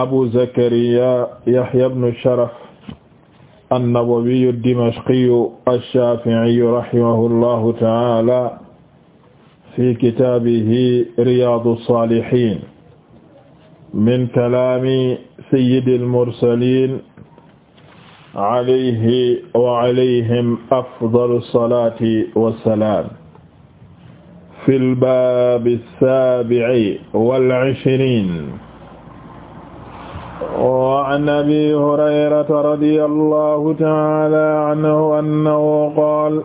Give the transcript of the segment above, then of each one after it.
abu zakariya yahya ibn sharaf annawawiyu dimashqiyu alshafiiyu rahimahu llahu taala fi kitaabihi riyaadu saalihiin min kalaami sayyidil mursaliin alayhi wa alayhim afdalu salaati wa salaam fil baabi saabi'i wal ishriin وعن أبي هريرة رضي الله تعالى عنه أنه قال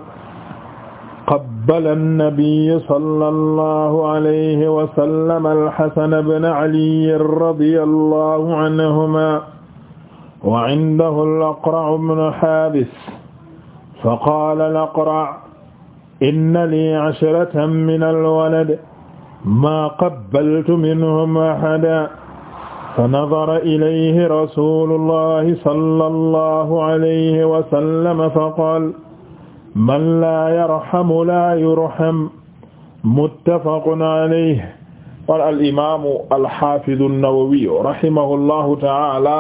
قبل النبي صلى الله عليه وسلم الحسن بن علي رضي الله عنهما وعنده الأقرع بن حابس فقال الأقرع إن لي عشرة من الولد ما قبلت منهم أحدا fa nadara ilayhi rasulullahi sallallahu alayhi wa sallam fa qaala man laa yarhamu laa yurham muttafaqun alayhi qaala al imaamu alxaafidu an-Nawawi rahimahullahu ta'aala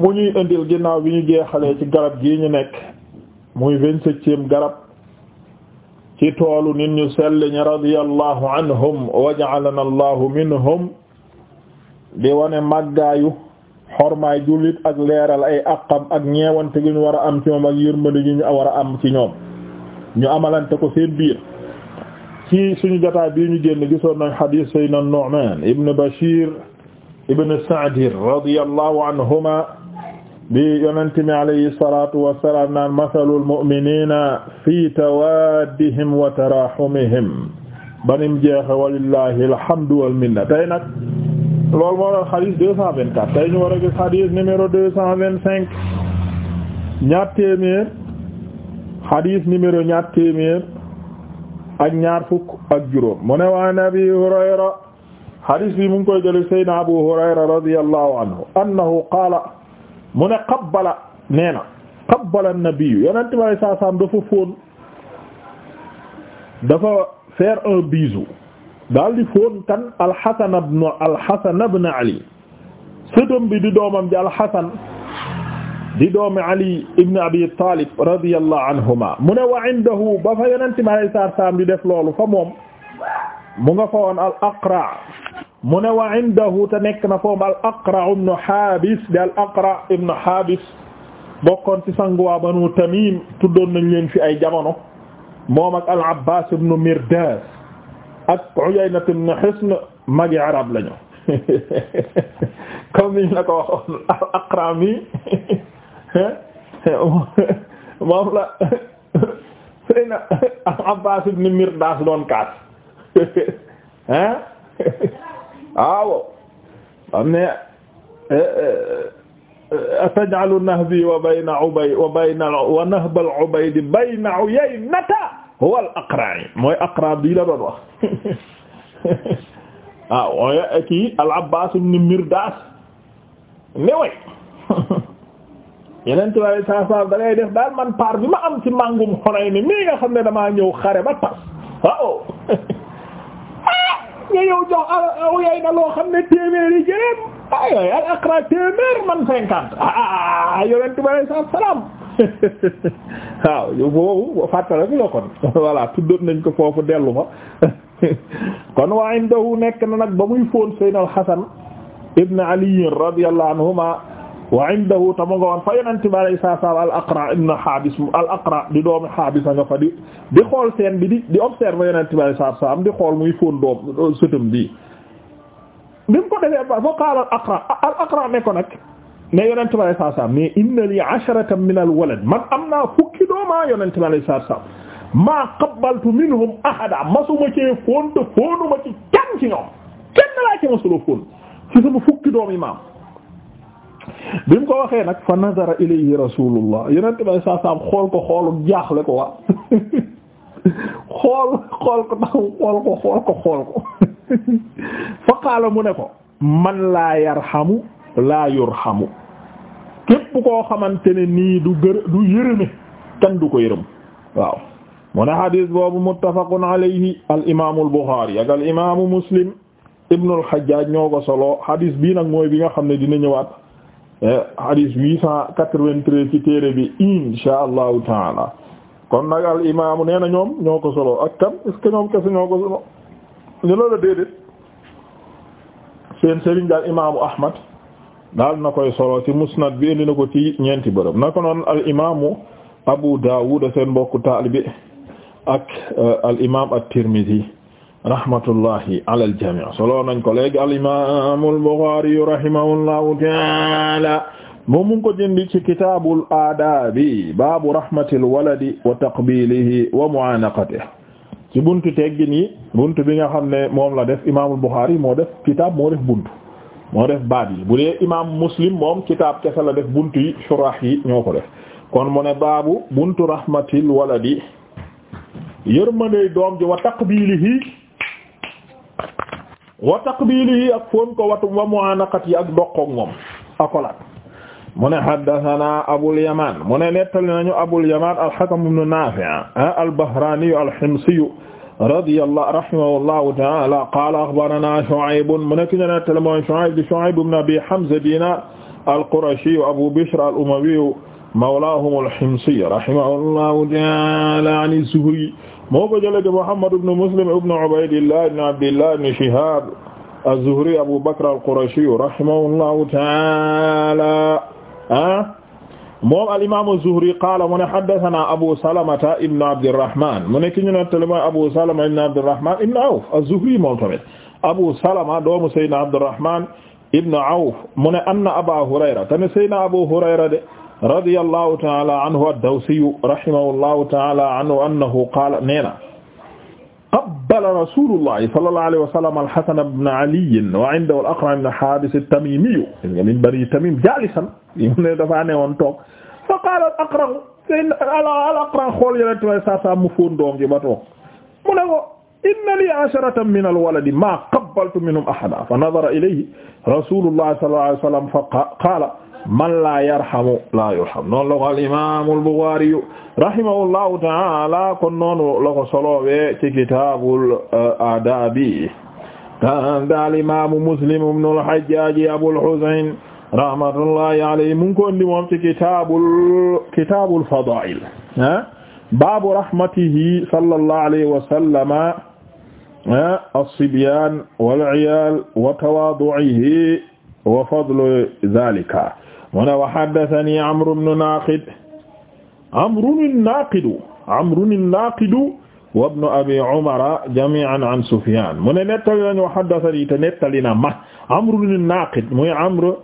mu ñuy indil ginnaaw bi ñu jeexalee ci garab gii ñu nekk muy vingt-septième garab ci toolu nit ñu sell ñi radiyallahu anhum wa ja'alana allahu minhum di wane màggaayu xormaay jullit ak leeral ay aqam ak ñeewante gi ñu war a am ci moom ak yërmande ñu war a am ci ñoom ñu amalante ko seen biir ci suñu ñu génn gisoon nañ xadiis sayyidina Nu'man ibn Bashir ibn Sa'd radiyallahu anhuma bi yonent mi alayhi salaatu wa salaam naan masalul mu'miniina fi tawaddihim wa taraahumihim banim jeexe walillahi alhamdu wal minna tey nag loolu moo doon xadis deux cent vingt quatre tey ñu war a gis xadis numéro deux cent vingt cinq ñaar téeméer xadis numéro ñaar téeméer ak ñaar fukk ak juróom mu ne waa Abi Hurayra xadis bi mu ngi koy jël Seydina Abu Hurayra radiyallahu anhu annahu qaala mu ne qabbala nee na qabbala nabiyu yonent bi alayhi salaam dafa fóon un bisou daal di fóon kan alxasan ibn alxasan ibn ali sëtëm bi di doomam ji alxasan di doomi ali ibn abi talib radiyallahu anhuma mu ne wa indahu al aqra mu ne wa indahu te nekk na foofu al aqra ibnu haabis di al aqra ibnu haabis bokkoon ci sanguwaa banu tamim tuddoon nañ leen fi ay jamono moom ak al abbas ibnu mirdas ak uyayna ibnu hisn magi al aqra mi al abbas ibnu mirdas doon kaas ah waaw am ne eh, eh, taj'alu nahbi wa bayna ubay wa bayna wa nahbal ubaydi bayna uyaynata huwa al aqra'i mooy aqra bi la doon wax waaw mooy kii al abbas ibn mirdas ne way yeneen tubaab yi saa saa da ngay def daal man paar bi ma am ci màngum Hunayn mi nga xam ne damaa ñëw xare ba tas waaw nga yow jox aw yay na loo xam ne téeméeri jërëm aywa al aqra téeméer man cinquante ah, ah, ah, ah yonent bi salaam waaw boobu fàttale ko la kon voilà tuddoon nañ ko foofu dellu ma kon waa indahu nekk na nag ba muy fóon Seydina al ibn Ali radiyallahu anhuma wa indahu tama nga woon fa yonente bi alay di doomi habis a di di seen bi di di observer yonente bi alay di xool muy fóon doom sëtam bi bi mu ko defee ba fa qaala al aqra ko nag ne yonente bi alay inna li min al man am fukki doomaa ah yonente bi alay saa salam minhum ahada masuma cee fóon te fóonuma ci kenn ci ñoom kenn laa ci fukki doom maam bi mu ko waxee nag fa nazara ilayhi rasulullah yonent bay saa saam xool ko xoolu jaaxle ko waa xool xool ko taxaw xool ko xool ko xool ko fa qaala mu ne ko man laa yarhamu laa yurhamu képp koo xamante ne nii du gër du yërëme kenn du ko yërëm waaw mu ne xadiis boobu muttafaqun alayhi al imaamu al buxaari ak al imaamu muslim ibnu al xajjaaj ñoo ko solo xadiis bii nag mooy bi nga xam ne dina ñëwaat Eh, hadis huit cent quatre-vingt-treize ci téere bi insha allahu taala kon nag al imaamu nee na ñoom ñoo ko solo ak kam est-ce que ñoom kese ñoo ko solo ñu loola déedéet seen sëriñ daal imaamu ahmad daal na koy solo ci musnad bi indi ko ci ñeenti bërëb na ko noon al imaamu abu daawud seen mbokku taalibi ak eh, al imaam at-tirmidhi rahmatullahi ala al-jamii solo nañ ko léegi al-imaam al-Buxaari rahimahullahu ta'aala moom mu ko jëndi ci kitaabul aadaabi baabu rahmatil waladi wa taqbilihi wa mu'aanaqatihi ci buntu teggin yi buntu bi nga xam ne moom la def imaamul Buxaari moo def kitaab moo def buntu moo def baat yi bu dee imaam Muslim moom kitaab kese la def buntu yi shuraax yi ñoo ko def kon mu ne baabu buntu rahmatil waladi yërmande doom ji wa taqbilihi wa taqbilihi ak foon ko watu wa mu'anaqati ak doqoog moom akolaat mu ne haddathana Abul Yaman mu ne nettali nañu Abul Yaman al-Hakam ibn Nafi' ah al-Bahrani al-Himsi radiyallahu rahimahullahu ta'ala qala akhbarana Shu'ayb mu nekk ñu nettali mooy Shu'ayb di Shu'ayb ibn Abi Hamza Dinar al-Qurashi Abu Bishr al-Umawi mawlahum al-Himsi rahimahullahu ta'ala an az-Zuhri moo ko jëlee de Muhammad ibn Muslim ibn Ubaydillah ibn Abdillah ibn Shihab az-Zuhri Abu Bakr al-Qurashi rahimahullahu ta'ala ah moom al-imam az-Zuhri qaala mu ne haddathana Abu Salamata ibn Abdirrahman mu ne ki ñu nettali mooy Abu Salama ibn Abdirrahman ibn Awf az-Zuhri moom tamit Abu Salama doomu Sayyidina Abdirrahman ibn Awf mu ne anna Aba Hurayra tane Sayyidina Abu Hurayra de radiyallahu ta'ala anhu ad-Dawsi rahimahullahu ta'ala anhu annahu qaala neena qabbala rasuulullahi sallallahu alayhi wa sallam al-Hasan ibn Ali wa indahu al-Aqra' ibn Haabis at-Tamimi min Bani Tamim jaalisan ne dafa ne woon toog fa qaala al-Aqra' al-Aqra' xool yeneen tubaab saa saa mu fóon doom ji ba toog mu ne ko inna lii asharatan min al-waladi maa qabbaltu minhum ahadan fa nadara ilayhi rasuulullahi sallallahu alayhi wa sallam fa qaala man la yarhamu la yurham noonu la ko al imam al Bukhari rahimahullahu ta'ala kon noonu la ko solowee ci kitabul uh, adabi kanda al imam Muslim ibn al Hajjaj Abul Husayn rahmatullahi alayhi mu ngi ko indi moom ci kitabul kitabul fadaa'il baabu rahmatihi sallallahu alayhi wa sallama as-sibyaan wal 'iyaal wa tawaadu'ihi wa fadli dhaalika mu ne wa haddathani Amru bnu Naaqid Amrun Naaqidu Amrun Naaqidu wa ibnu Abi Umara jamii'an an Sufyaan mu ne nettali nañu wa haddathani te nettali na ma Amrun Naaqid muy Amr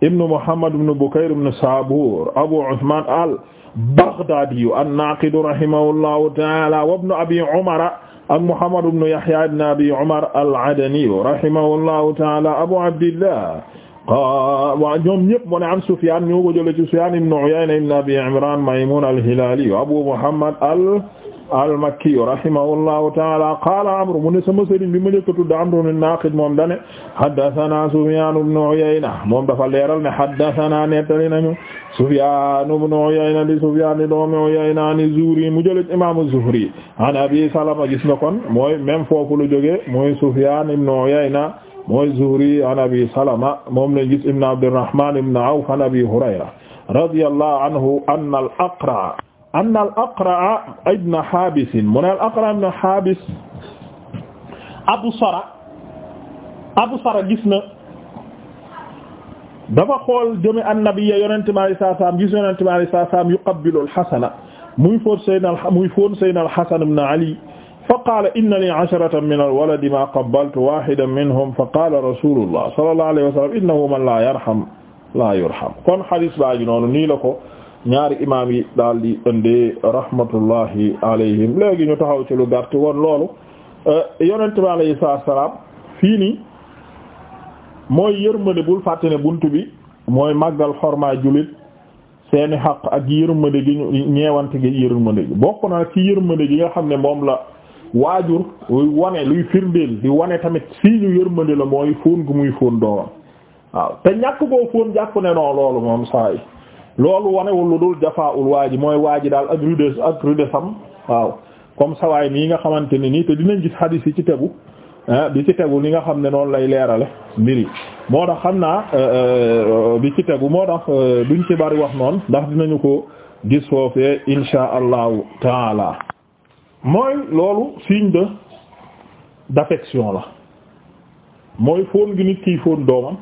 ibnu Muhammad ibnu Bukayr ibnu Saabuur Abu Usmaan al-Baghdaadiyu an-Naaqidu rahimahullahu ta'aala wa ibnu Abi Umara ak Muhammad ibnu Yahyaa ibnu Abi Umar al-Adaniyu rahimahullahu ta'aala Abu Abdillah waaw ñoom ñëpp mu ne am Sufyaan ñu ko jëlee ci Sufyaan ibn Uyayna ibn Abi Imraan Maymuun al-Hilaali Abu Muhammad al al-Makki rahimahullahu ta'aala qaala Amr mu ne sama sëriñ bi ma njëkk a tudd Amr an-Naaqid moom dane haddathanaa Sufyaan ibn Uyayna moom dafa leeral ne haddathanaa nettali nañu Sufyaan ibn Uyayna di Sufyaan di doomi Uyayna an Zuhri mu jëlee ci imaamu Zuhri an Abi Salama gis nga kon mooy même foofu la jógee mooy Sufyaan ibn Uyayna mooy Zuhri an Abi Salama moom lañ gis ibn Abdurrahman ibn Awf an Abi Hurayra radiyallahu anhu anna al-Aqra' anna al-Aqra' ibn Habis mu ne al-Aqra' ibn Habis Abu Sara Abu Sara gis na dafa xool jëme an-nabiyya yonente mi alayhi salaam gis yonente mi alayhi salaam yuqabbilu al-Hasan muy foon sayyidina muy foon sayyidina al-Hasan ibn Ali fa qaala inna li asharatan min alwaladi maa qabbaltu waahidan minhum fa qaala rasulullah sallallahu alayhi wa sallam innahu man laa yarham laa yurham kon hadis baa noonu nii la ko ñaari imaam yi daal di ëndee rahmatullahi alayhim léegi ñu taxaw ci lu gàtt woon loolu eh, yonent bi alayhi salaam fii nii mooy yërmande bul fàtte ne buntu bi mooy màggal xormaa jullit seeni xaq ak yërmande gi ñu gi yërmande gi bokk na ci yërmande gi nga xam ne moom la. waajur wane luy firndeel di wane tamit fii ñu yërmande la mooy fóon gu muy fóon doomam waaw te ñàkk koo fóon jàpp ne non loolu moom saa yi loolu wanewul lu dul jafaawul waa ji mooy waa ji daal ak rudes ak rudesam waaw comme sawaay mii nga xamante ne nii te dinañ gis xadiis yi ci tegu bi ci tegu li nga xam ne noonu lay leerale mbir yi moo tax xam naa euh, euh, bi ci tegu moo tax euh, duñ ci bari wax noonu ndax dinañu ko gis foofee insha allahu taala mooy loolu signe de d'affection la mooy fóon gi nit kiy fóon doomam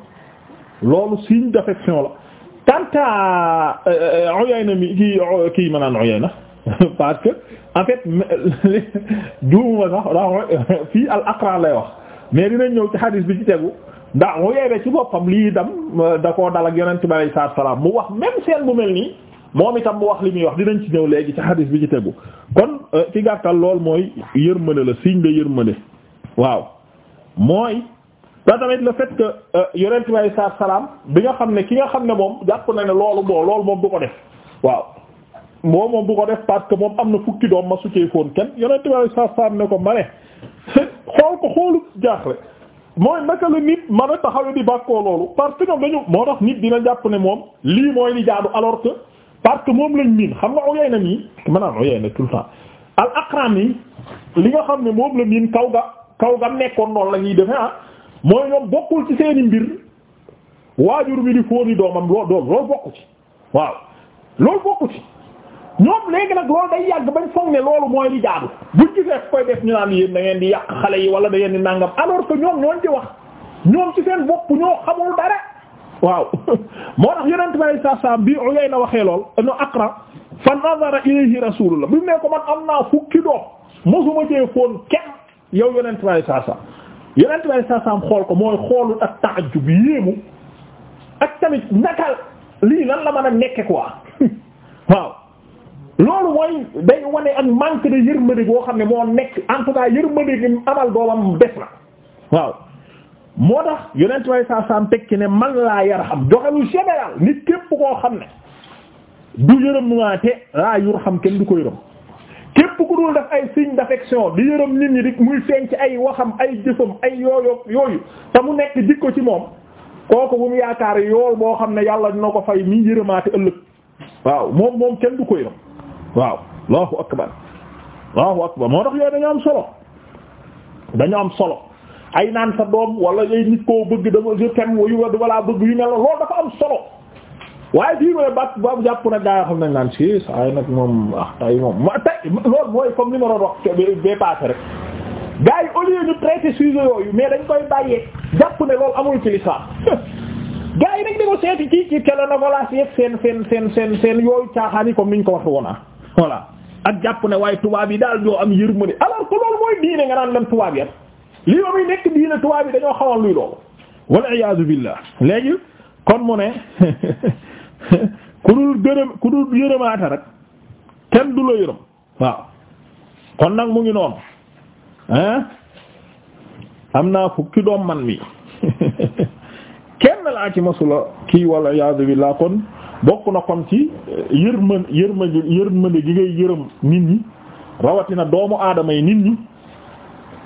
loolu signe d'affection la tanta euh, Uyayna mi kii ma naan Uyayna en fait juumuma sax ndax fii al Aqra lay wax mais dinañ ñëw ci xadis bi ci tegu ndax Uyayna ci boppam lii dam euh, da koo dal ak Yonent bi alayhi salaam mu wax même seen bu mel nii moom itam mu wax li muy wax dinañ ci ñëw léegi ci hadis bi ci tegu kon euh, ci gàttal lool mooy yërmande la signe de yërmande waaw mooy da tamit le fait que euh, yonent bi alayhi salaam bi nga xam ne ki nga xam ne moom jàpp na ne loolu boo loolu moom du ko def waaw moom moom du ko def parce que moom am na fukki doom ma succee foon kenn yonent bi alayhi salaam ne ko ma ne xool ko xoolu jaaxle mooy naka la nit mën a taxawe di bàkkoo loolu parce que ñoom dañu moo tax nit ne moom lii li jaadu alors parce que moom lañ miin xam nga Uyayna nii maanaam Uyayna tout le al Aqram yi li nga xam ne moom la miin kaw ga kaw ga nekkoon noonu la ñuy defee ah mooy ñoom bokkul ci seeni mbir waajur bi di fóoni doomam loo doom loolu bokku ci waaw loolu bokku ci ñoom léegi nag loolu day yàgg bañ foog ne loolu mooy li jaadu buñ gisee koy def ñu naan yéen da di yàq xale yi wala da ngeen di nàngam alors que ñoom ñooñ ci wax ñoom ci seen bopp waaw moo tax yonent bi saa saa bii Uyayna waxee lool no Aqra fa nazara ilayhi rasulullah bu mu ne ko man am naa fukki doom mosuma cee foon kenn yow yonent bi saa saa yonent bi saa xool ko mooy xoolul ak taajub yéemu ak tamit nakal lii lan la man a nekke quoi waaw loolu mooy day wane ak manque de yërmande boo xam ne moo nekk en tout cas yërmande gi amal doomam des na waaw. moo tax yonent way saa saam tekki ne man laa yarham joxe lu général nit képp koo xam ne du yërëmwaate laa yurham kenn du koy yërëm képp ku dul def ay signe d'affection di yërëm nit ñi di muy feeñ ci ay waxam ay jëfam ay yooyo yooyu te mu nekk jikko ci moom kooku bu mu yaakaar yool boo xam ne yàlla dina ko fay mi yërëmaate ëllëg waaw moom moom kenn du ko yërëm waaw allahu akbar allahu akbar moo tax yooyu dañu am solo dañu am solo ay naan sa doom wala ay nit koo bëgg dama je t'aime yu wala bëgg yu mel loolu dafa am solo waaye fii mooy ba ba jàpp na gaa yoo xam ne naan si saa yi nag moom ah tay moom tay loolu ni ma doon wax bee paase rek gaa yi mais dañ koy bàyyee jàpp ne loolu amul ci l'islam yi nag di ko seeti kii kii tele na voilà si seen seen seen yooyu caaxaan yi comme niñ ko wax woon a ah. voilà ak jàpp ne waaye tubaab yi daal ñoo am yërmande alors que loolu mooy diine nga naan leen tubaab yi ah. lii ba muy nekk diina tubaab bi dañoo xawal luy loolu wal iyaadu billah léegi kon mu ne ku dul gërëm ku dul yërëmaate rek kenn du la yërëm waaw kon nag mu ngi noonu ah am naa fukki doom man mi kenn laa ci masula kii wal iyaadu billah kon bokk na kon ci yërmande eh, yërmande yërmande gi ngay yërëm nit ñi rawatina doomu aadama yi nit ñi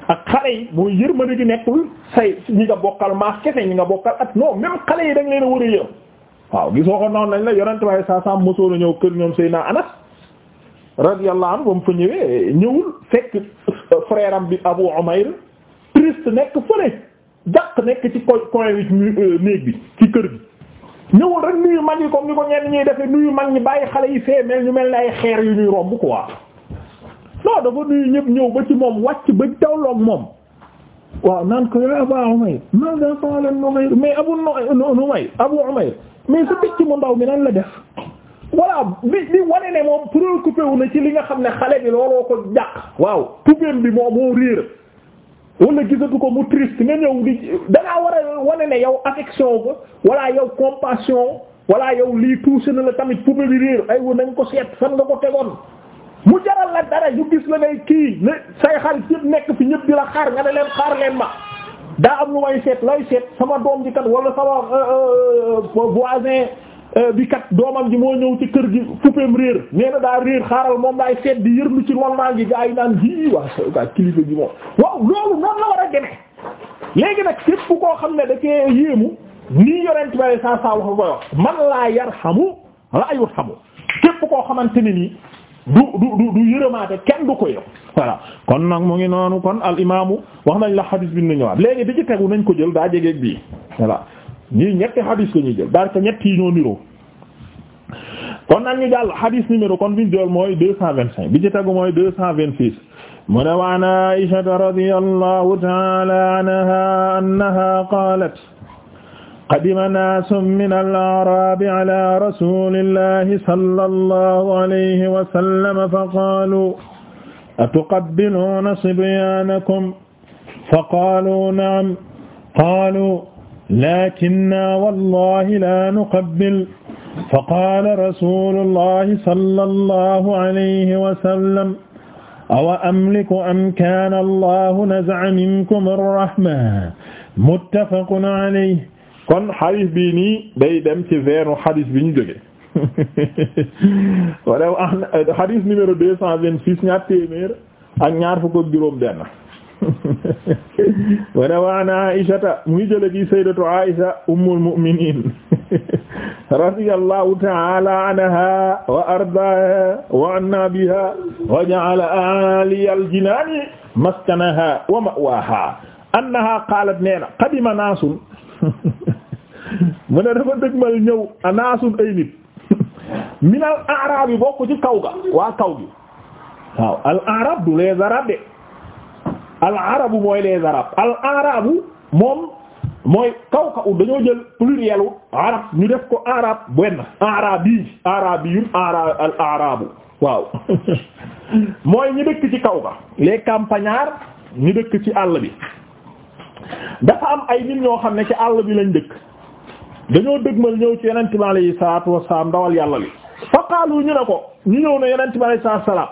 ak xale yi mooy yërmande gi nekkul say ñi nga bokkal maa kese ñi nga bokkal at non même xale yi da nga leen a war a yërëm waaw gisoo ko noonu lañ la yonent waaye saa saa mosoo la ñëw kër ñoom Seydina Anas radiyallahu anhu ba mu fa ñëwee ñëwul fekk frère bi Abu Umayr triste nekk fële jàq nekk ci koy koy euh, néeg bi ci kër bi ñëwul rek nuyu mag yi comme ni ko ñenn ñuy defee nuyu mag ñi bàyyi xale yi fee mel ñu mel ne ay xeer yu ñuy romb quoi. non dafa nuyu ñëpp ñëw ba ci moom wàcc ba tawloog moom waaw naan ko yaa Aba Umayr maza fa'ala Numayr mais mais sa mu ndaw mi nan la def voilà bi bi wane ne moom préoccupé wu na ci li nga xam ne xale bi looloo ko jàq waaw tubéem bi moom moo réer wala gisatu ko mu triste nga ñëw di dangaa war a wane ne yow affection ko wala yow compassion wala yow lii touché na la tamit poubelle bi réer ay wa nañ ko seet fan nga ko tegoon mu jaral la dara ñu gis la ngay kii ne say xarit yëpp nekk fi ñëpp di la xaar nga ne leen xaar leen ma daa am lu may seet lay seet sama doom ji kat wala sama euh, euh, voisin euh, bi kat doomam ji moo ñëw ci kër gi fuppeem réer nee na daa réer xaaral moom laay seet di yërlu ci lonmaan gi gaa yi naan ji waa sa kilifa gi moom waaw loolu noonu la war a demee léegi nag képp koo xam ne da kee yéemu nii yorent ba saa saa wax ko wax man laa yar xamu laa yur xamu képp koo xamante ni nii du du du kenn du ko yëpp kon nag mu ngi noonu kon al imaamu wax nañ la xadis bi ñu ñëwaat léegi bi ci tegu nañ ko jël daa jegeeg bii voilà ñii ñetti xadis la ñuy jël daal te ñett yi ñoo kon nag ñu jàll xadis numéro kon bi ñu mooy deux cent vingt cinq bi ci tagu mooy deux cent vingt six mu ne wa an Aisha radiyallahu ta'ala anha annaha qalat qadima naasun min al-a'raabi ala rasuulillahi sallallahu alayhi wa sallam faqaaluu atuqabbiluuna sibyaanakum faqaaluu na'am qaaluu laakinnaa wallaahi laa nuqabbil faqaala rasuulullahi sallallahu alayhi wa sallam awa amliku am kaana allaahu naza'a minkum ar-rahma muttafaqun alayhi kon xadis bii nii day dem ci veenu xadis bi ñu jóge wala euh, xadis numéro deux cent vingt six ñaar téeméer ak ñaar fukk ak juróom benn wala waan mu ngi jële ci aisha ummul mu'minin radiyallahu ta'ala anha wa ardaha wa anna biha wa ja'ala aliyal jinaani maskanaha wa ma'waha annaha qalat neena qadima naasun mu ne dafa dëgmal ñëw anaasun ay nit minal arab yi bokk ci kaw ga waa kaw gi waaw al arab du les arabes de al arabu mooy les arabes al arabu moom mooy kaw kaw dañoo jël pluriel u ñu def ko arab benn arabi arabiyun ara al arabu waaw mooy ñi dëkk ci kaw ga les campagnards ñi dëkk ci àll bi dafa am ay nit ñoo xam ne ci àll bi lañ dëkk dañoo dëgmal ñëw ci yonent bi alayhi salaatu wassalaam ndawal yàlla li fa ñu ne ko ñu ñëw ne yonent bi alayhi salaatu wassalaam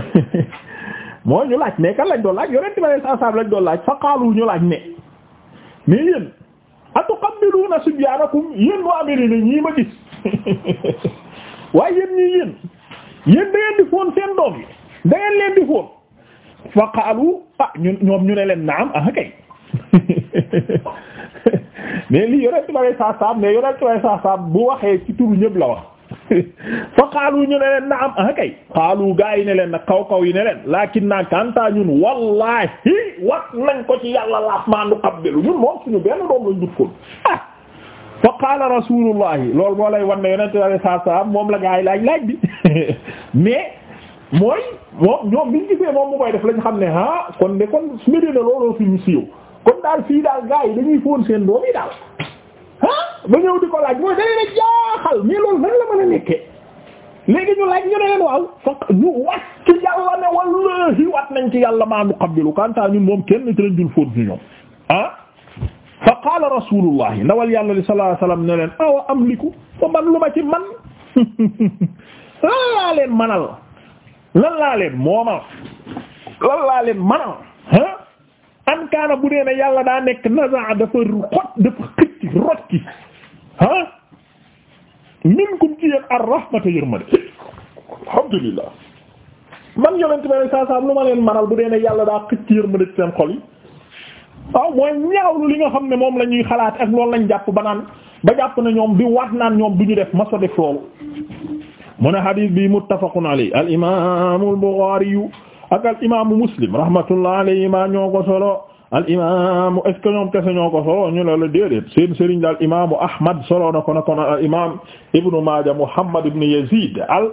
mooy ñu laaj mais kan lañ doon laaj yonent bi alayhi salaatu wassalaam lañ doon laaj fa ñu laaj ne mais yéen atuqabbiluuna subyaanakum yéen waa mari ne ñii ma gis waaye yéen ñii yéen yéen da di foon seen doom yi leen di foon fa ah ñoom ñu ne leen naam ah kay mais lii yonent ba ngay saa saab mais yonent ba ngay saa saab bu waxee ci turu ñëpp la wax fa xaalu ñu ne leen na am ah kay xaalu gaa yi ne leen nag kaw kaw yi ne leen laakin naa kantaa ñun wallahi wat nañ ko ci yàlla laaf maa nu ñun moom suñu benn doom lañ dut ko ah fa qaala loolu moo lay wan ne yonent ba ngay saab moom la gaa yi laaj laaj bi mais mooy moom ñoom biñ gisee moom mu koy def lañu xam ne ah kon de kon su kon daal fii daal gars yi dañuy fóon seen doom yi daal ah ba ñëw di ko laaj mooy dañu ne jaaxal mais loolu nan la mën a nekkee léegi ñu laaj ñu ne leen waaw fokk ñu wat yàlla ne wallahi wat nañ ci yàlla maa nu qabbilu kanta ñun moom kenn ci lañ dul fóon ñoom ah fa qaala rasulullahi ndawal yàlla li sallallahu alayhi ne leen awa amliku fa man lu ma ci man lan leen manal lan leen moomal lan laa leen manal an kaana bu dee na yàlla daa nekk nasaa dafa xot dafa xëcc rot ki ah minkum ci yéen ar rahmata alhamdulillah man yonent ba ne lu ma leen manal bu dee ne yàlla daa xëcc yërmande ci seen xol yi waaw mooy ñaawlu li nga xam ne moom la ñuy xalaat ak loolu lañ jàpp ba naan ba jàpp na ñoom di wax naan ñoom du ñu def ma so def loolu mu ne hadith bi muttafaqun alayhi al imaamul ak al imaamu muslim rahmatullah alayhima ñoo ko solo al imaamu est ce que ñoom kese ñoo ko solo ñu la la déedéet seen sëriñ daal imaamu Ahmad solo na ko na ko na al imaam Ibn Maaja Muhammad ibn Yazid al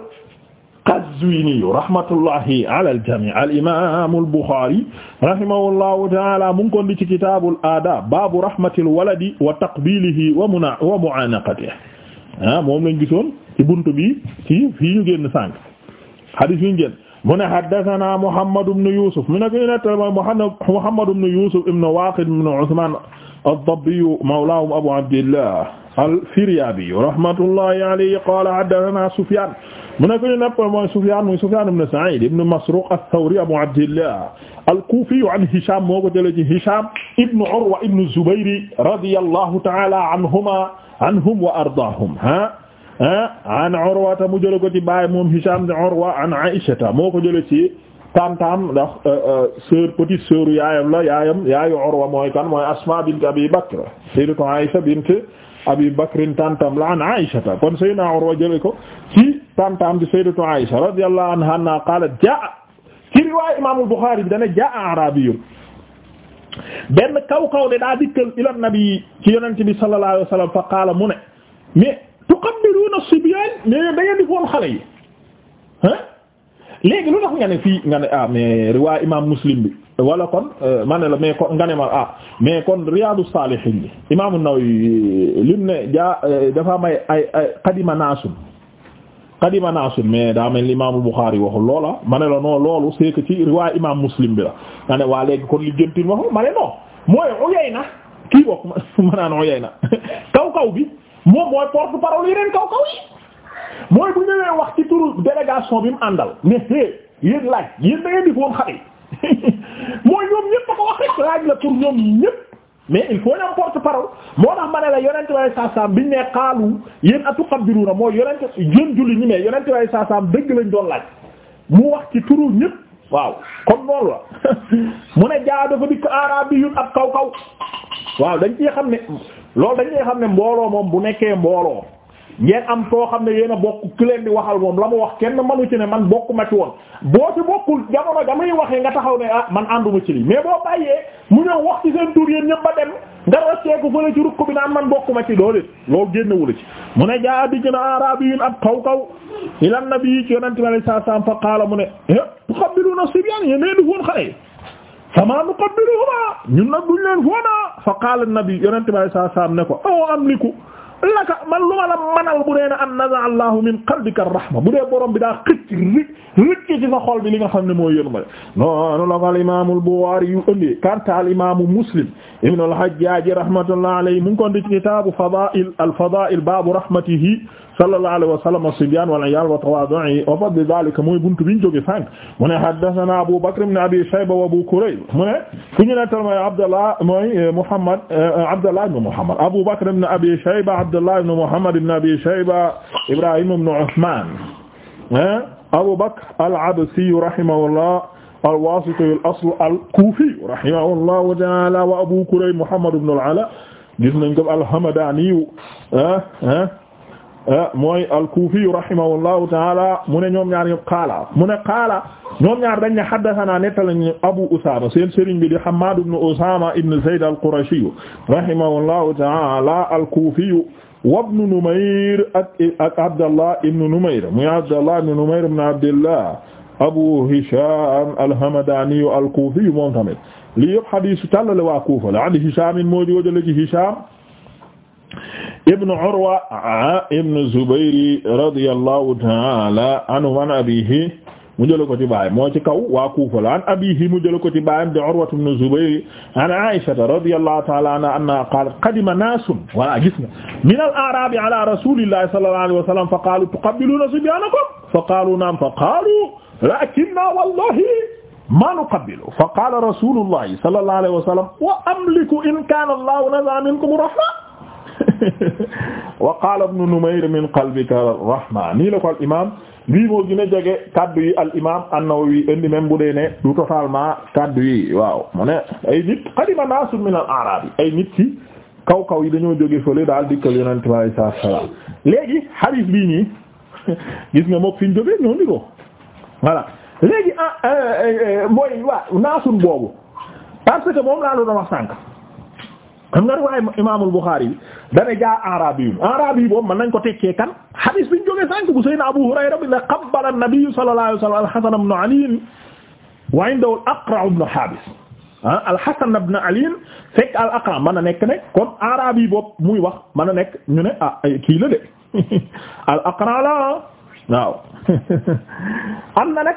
Qazwini rahmatullahi ala al jamii al imaam al Buxaari rahimahullahu ta'ala mu ngi ko ndi ci kitaabul aadaab baabu rahmatil waladi wa taqbilihi wa muna wa mu'aanaqatihi ah moom lañ gisoon ci buntu bi ci fii ñu génn sànq hadith yi ñu génn mu ne haddathana Muhammad ibn Yusuf mu ne ko nettali Muhammad ibn Yusuf ibn Waqid ibn Uthman ad-Dabbi mawlahum Abu Abdillah al-Firyabi rahmatullahi alayhi qala haddathana Sufyan mu ne ko nettali mooy Sufyan mooy Sufyan ibn Sa'id ibn Masruq ath-Thawri Abu Abdillah al-Kufi an Hisham moo ko jëlee ci Hisham ibn Urwa ibn Zubayr radiyallahu ta'ala anhuma anhum wa ardaahum ha an Urwata mu jële ko ci baay moom Hisham de Urwa an Aïshata moo ko jële ci taam-taam ndax euh, euh, sœur petite sœur yaayam la yaayam yaayu Urwa mooy kan mooy Asma bint Abi Bakr sayyidatu Aïsha bint Abi Bakrin tantam la an Aïshata kon sayyidina Urwa jële ko ci taam-taam di sayyidatu Aïsha radiyallahu anha qalat jaa ci riwaaya Imaamul Buxaari bi dana jaa arabiyyun benn kaw kaw de daa dikkal ila nabi ci yonent bi sallallahu alayhi wa sallam fa qaala mu ne tuqabbiluuna sibyaan mais da ngeen di foon xale yi ah léegi lu tax nga ne fii nga ne ah mais riwaa imaam muslim bi wala kon euh, ma la mais kon nga ne ma ah mais kon riyaadu saalihiin bi imaam an-Nawawi lim ne jaa euh, dafa may ay ay qadima naasun qadima naasun mais daa mel ni imaamu Buxaari waxul loola ma ne la non loolu c'est ci riwaa imaam muslim bi la nga ne waa léegi kon li gëntil waxul ma ne non mooy Uyayna kii bokk ma naan Uyayna kaw kaw bi. moom mooy porte parole yeneen kaw kaw yi mooy bu ñëwee wax ci turu délégation bi mu àndal mais hé yéen laaj yéen da ngeen di foon xale mooy ñoom ñépp a ko wax rek laaj la pour ñoom ñépp mais il faut ñam porte parole moo tax ma ne la yonent way saasaam biñ ne xaalu yéen atuqaddiruna mooy yonent yéen julli ñi mais yonent way saasaam dëgg lañ doon laaj mu wax ci turu ñépp waaw comme noonu la mu ne jaa dafa dikk arabi yun ab kaw kaw waaw dañ xam loolu dañuy xam ne mbooloo moom bu nekkee mbooloo ngeen am soo xam ne yéen a bokk ku leen di waxal moom la mu wax kenn manu ci ne man bokk ma ci woon boo ci bokkul jamono damay waxe nga taxaw ne ah man ànduma ci lii mais boo bàyyee mu ñëw wax ci seen tur yéen ñëpp ba dem nga rocceeku fële ci rukk bi naan man bokk ma ci loolu loolu génnewula ci mu ne jaa di gën a arabiyun ab kaw kaw ila na ci yonente bi sallallahu alayhi wasallam fa qaala mu ne é eh tu xabbiluna sibyan yéen nee du fama nuqabbiluhuma ñun nag duñ leen foona fa qaala an-nabi yonente bi saa saam ne ko aw amliku laka man lu ma la manal bu nee na an naza allahu min qalbika ar-rahma bu dee borom bi daa xëcc rëcc rëcc ci sa xol bi li nga xam ne mooy yéen ma de noonu la ko al imaamu al-Buxaari yu ëndee kanta al imaamu Muslim ibnu al-Hajjaaj rahmatullahi alayhi mu ngi ko ci kitaabu fadaa'il al-fadaa'il baabu rahmatihi sallallahu alayhi wa sallam as-sibyaan wal iyaal wa tawaadu'i wa fadli dhaalika mooy buntu biñ jóge sànq mu ne haddathanaa Abu Bakr ibn Abi Shayba wa Abu Kurayb mu ne fu ñu nettal mooy Abdallah mooy eh, Muhammad eh, Abdallah ibn Muhammad Abu Bakr ibn Abi Shayba Abdallah ibn Muhammad ibn Abi Shayba Ibrahim ibn Uthman eh? Abu Bakr al-Absi rahimahullah al-Waasiti al-asl al-Kuufi rahimahullahu ta'aala wa Abu Kurayb Muhammad ibn al-Alaa gis nañ ko al-Hamdaani Eh, mooy al-Kufi rahimahullahu ta'ala mu ne ñoom ñaar ñëpp qaala mu ne qaala ñoom ñaar dañ ne haddathana nettali ñu Abu Usama seen sëriñ bi di Hammad ibn Usama ibn Zayd al-Qurashi rahimahullahu ta'ala al-Kufi wa ibn Numayr ak ak Abdallah ibn Numayr muy Abdallah ibn Numayr ibn Abdillah Abu Hisham al-Hamadani al-Kufi moom tamit lii yëpp hadiis tallale waa Kufa la an Hisham moo jëlee ci Hisham ibn Urwa ah, ibn Zubayr radiyallahu ta'ala anhu an abihi mu jëla ko ci baayam moo ci kaw waa Kuufa la an abihi mu jëla ko ci baayam di Urwa ibn Zubayr an Aisha radiyallahu ta'ala anha anna qaalat qadima naasun wala gis na min al-a'raabi ala rasulillahi sallallahu alayhi wa sallam fa qaalu tuqabbiluna sibyaanakum fa qaalu naam fa qaalu laakinna wallahi ma nuqabbilu fa qaala rasulullahi sallallahu alayhi wa sallam wa amliku in kaana Allahu naza'a minkum rahma wa qaala ibnu Numayr min qalbika rahma nii la ko al imaam lii moo gën a jege kaddu yi al imaam an-Nawawi indi même bu dee ne du totalement kaddu yi waaw mu ne ay nit qadima naasun min al-a'raab ay nit ci kaw kaw yi dañoo jóge fële daal dikkal Yonent bi sallallahu alayhi wasallam léegi hadith bii nii gis nga mook fi ñu jógee ñoo niroo voilà léegi ah euh, euh, euh, mooy waa naasun boobu parce que moom laa doon wax sànq. xam nga riwaay imaamul Buxaari bi dane jaa arabi yu arabi yi boobu mën nañ ko tekkee kan xadiis bi ñu jógee sànk bu Seydina Abu Hurayra bi ne qabbala an-nabiyyu sallallahu wa sallam al-Hasan ibn ah, fekk al-Aqra' nekk ne kon arabi yi boobu muy wax mën na nekk ñu ne ah kii la de al na nag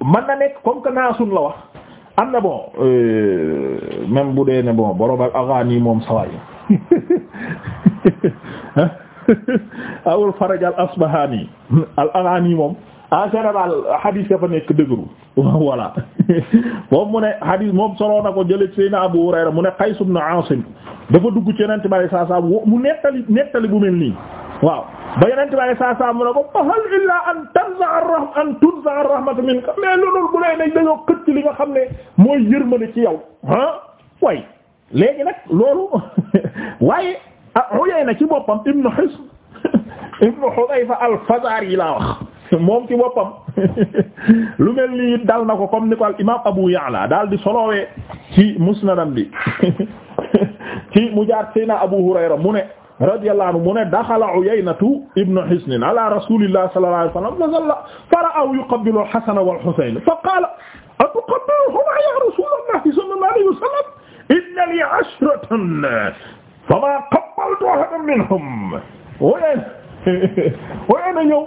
mën nekk comme que naasun la wax am na bon euh, même bu dee ne bon borom ak aghani moom saway awul faraj al asbahani al aghani moom en général hadith ya fa nekk dëgëru voilà moom mu ne hadith moom solo na ko jële Seydina Abu Hurayra mu ne Qays ibn Asim dafa dugg ci Yonent bi sallallahu alayhi mu nettali nettali bu mel nii waaw ba yonent bi saa ko fahal illaa an tanza ar minka mais loolu bu lay ne dañoo li nga xam ne mooy yërmande ci yow ah way léegi nag loolu waaye ah, Uyayna ci boppam Ibn Hisn Ibn Hudayfa al-Fazari laa wax moom ci boppam lu mel ni dal na ko comme ni ko al imaam Abu Ya'la daal di solowee ci musnadam bi ci mu jaar Seydina Abu Hurayra mu ne. radiyallahu anhu mu ne daxala Uyaynatu ibnu Hisnin ala rasulillahi sallallahu alayhi wa sallam fa zalla fa ra'ahu yuqabbilu al-Hasan wal-Husayn fa qaala atuqabbiluhumaa ya rasulallahi sallallahu alayhi wa sallam inna li ashratan famaa qabbaltu ahadan minhum Uyayna ñëw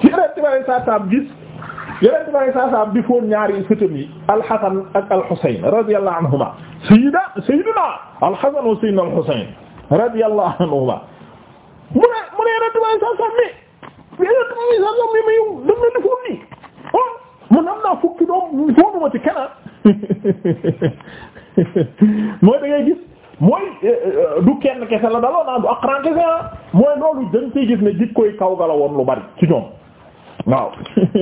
ci Yonent bi alayhi salaam gis Yonent bi alayhi salaam di foon ñaari sëtam yi al-Hasan ak al-Husayn radiyallahu anhumaa sayyidina sayyidina al-Hasan wa sayyidina al-Husayn radiyallahu anhuma mu ne mu ne a tubaab yi sax nii ah man am naa fukki doom fooguma ci kenn mooy da ngay gis mooy eh, eh, du kenn kese la daloo naa ah, du akran kese la ah. mooy loolu dañ ciy gis ne jikkoy kaw gala woon lu bari ci ñoom waaw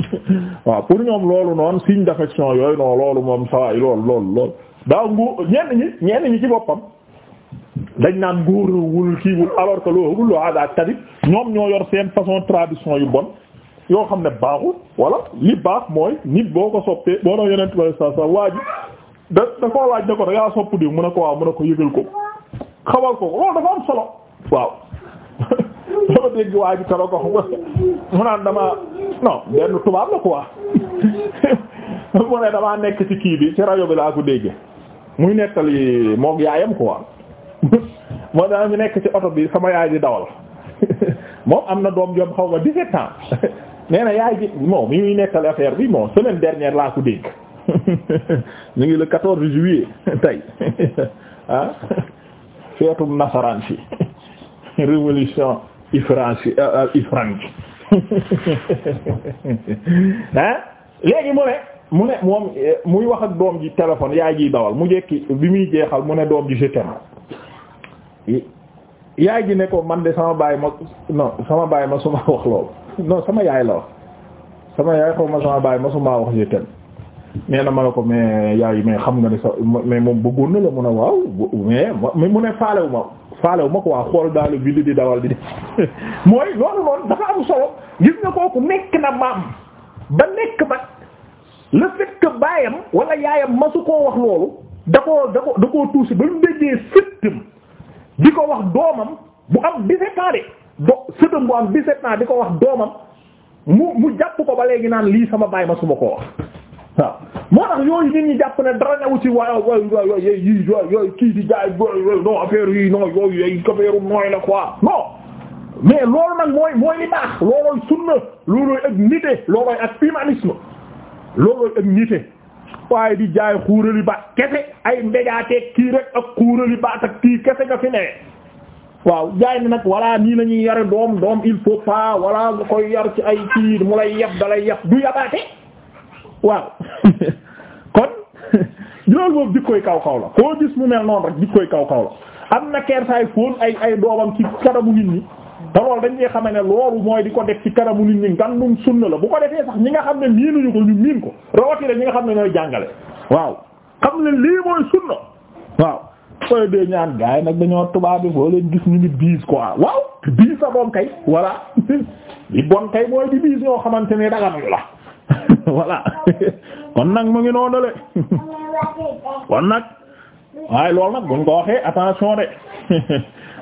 waaw pour ñoom loolu noonu signe d'affection yooyu noonu loolu moom saa yi loolu loolu loolu ngu ñenn ñi ñenn ñi ci boppam. dañ naan nguurwul kiiwul alors que loo wul loo ada kadib ñoom ñoo yor seen façon tradition yu bon yoo xam ne baaxul wala li baax mooy nit boo ko soppee boo doon yeneen tubaab sa sa waaj da da ko da mun a ko waaw mun a ko ko solo waaw dama dégg waaj karo ko mu naan dama ne damaa nekk ci kii bi ci rajo bi laa ko déggee muy nettali moog yaayam quoi. moo dama fi nekk ci oto bi sama yaay di dawal moom am na doom jom xaw ma 17 ans nee na yaay ji moom mi muy nekkal affaire bi moom semaine dernière laa ko dégg ñu ngi la 14 juillet tey ah feetum nasaraan si révolution ifranci euh, euh, ifranci ah léegi mu ne mu ne moom eh, muy wax ak doom ji téléphone yaay jiy dawal mu jekki bi muy jeexal mu ne doom ji je t'aime yaay ji ne ko man de sama baay ma non sama baay ma suma wax loolu no sama yaay la wax sama yaay xaw ma sama baay ma suma wax je ten na ma ne ko mais yaay mais xam nga ne sa mais moom bëggoon na la mun a waaw mais mais mu ne faalewu ma faalewu ma ko waa xool daal di dawal di mooy loolu loolu dafa am solo gis nga kooku nekk na maam ba nekk ba le fait baayam wala yaayam masu koo wax loolu da koo da ko da koo tuusi ba mu déggee sëttam di ko wax doomam bu am 17 ans do sëtam bu am 17 di ko wax doomam mu mu jàpp ko ba léegi naan lii sama baay ma su ma koo wax waaw moo tax yooyu nit ñi jàpp na dara ñëw ci waaw waay waay waay yii yooyu kii di jaay non affaire yi non yooyu yooyu affaire nooy la quoi mais loolu nag mooy mooy li baax loolooy sunna loolooy ak nite loolooy ak humanisme loolooy ak nite waaye di jaay xuurali baat kese ay mbéjaateeg kii rek ak xuurali baat ak kii kese nga fi newee waaw jaay na nag voilà nii la ñuy yare doom doom il faut pas voilà koy yar ci ay kii mu lay yab dalay yab du yabaate waaw kon loolu moom jikkoy kaw kaw la koo gis mu mel noonu rek jikkoy kaw kaw la am na kersaay fóon ay ay doomam ci kanamu nit ñi te loolu dañ ñuy xamee ne loolu mooy di ko def ci kanamu nit ñi ngandum sunna la bu ko defee sax ñi nga xam ne miinuñu ko ñu miin ko rawatina ñi nga xam ne ñooy jàngale waaw xam ne lii mooy sunna waaw mooy dee ñaan gaay nag dañoo tubaab bi boo leen gis ñu ngi biis quoi waaw biis sa bon kay voilà li mooy di biis ñoo xamante ne daganuñu la voilà kon nag mu ngi noonu le kon nag waaye loolu nag buñ ko waxee attention de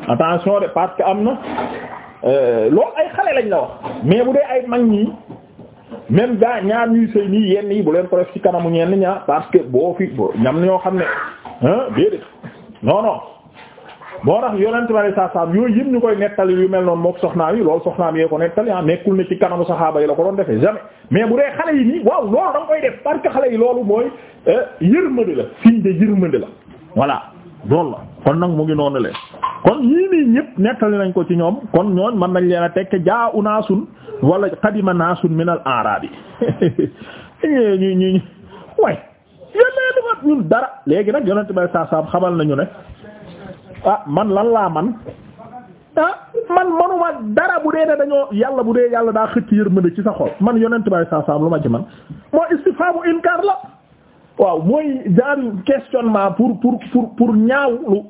attention de parce am na Euh, loolu ay xale lañ la wax mais bu dee ay mag ñi même gaa ñaar ñuy sëy nii yenn yi bu leen ko def ci kanamu ñenn ñaar parce que boo fi ñam ñoo xam ne ah déedéet non boo moo tax yonent ma ne saa saam yooyu yëpp ñu koy nettali yu mel noonu mook soxnaam yi loolu soxnaam yee ko nettali ah nekkul ne ci kanamu saxaaba yi la ko doon defee jamais mais bu dee xale yi nii waaw loolu da koy def parce xale yi loolu mooy euh, yërmande la fii de yërmande la voilà. loolu la kon nag mu ngi noonu leen kon ñii nii ñëpp nettali nañ ko ci ñoom kon ñooñ man nañ leen a tekke jaa u naasun wala qadima naasun min al arabi ñu ñu ñu way yéen dafa ñun dara léegi nag yonent bay saa saam xamal nañu ne ah man lan laa man ah man manuma dara bu dee ne dañoo yàlla bu dee yàlla daa xëcc yërmande ci sa xol man yonent bay saa saam lu ma ci man moo istifhamu inkar la waaw mooy genre questionnement pour pour pour pour ñaaw ñaawlu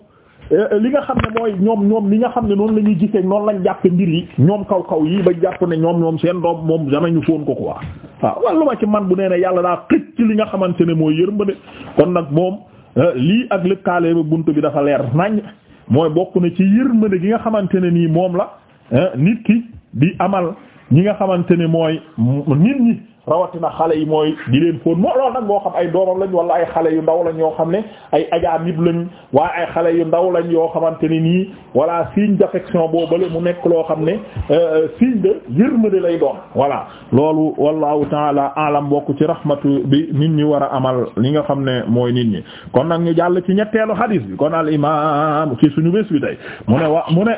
euh, li nga xam ne mooy ñoom ñoom li nga xam ne noonu la ñuy gisee noonu lañ jàppe mbir yi ñoom kaw kaw yi ba jàpp ne ñoom ñoom seen doom moom jamais ñu foon ko quoi waaw walla ma ci man bu nee ne yàlla daa xëcc li nga xamante ne mooy yërmande kon nag moom euh, lii ak lëkkaale ba bunt bi dafa leer nañ mooy bokk na ci yërmande gi nga xamante ne nii moom la euh, nit ki di amal ñi nga xamante ne mooy nit ñi rawatina xale yi mooy di leen fóon moo loolu nag moo xam ay doomam lañ wala ay xale yu ndaw lañ yoo xam ne ay ajaa nib lañ waaye ay xale yu ndaw lañ yoo xamante ne nii voilà signe d'affection boobale mu nekk loo xam ne euh, euh, signe de yërmande lay doom voilà loolu wallahu taala alam bokk ci rahmatu bi nit ñi war a amal li nga xam ne mooy nit ñi kon nag ñu jàll ci ñetteelu xadiis bi kon al imam ci suñu bés bi tey mu ne wa mu ne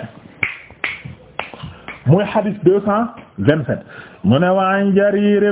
mooy xadiis mu ne waan jarir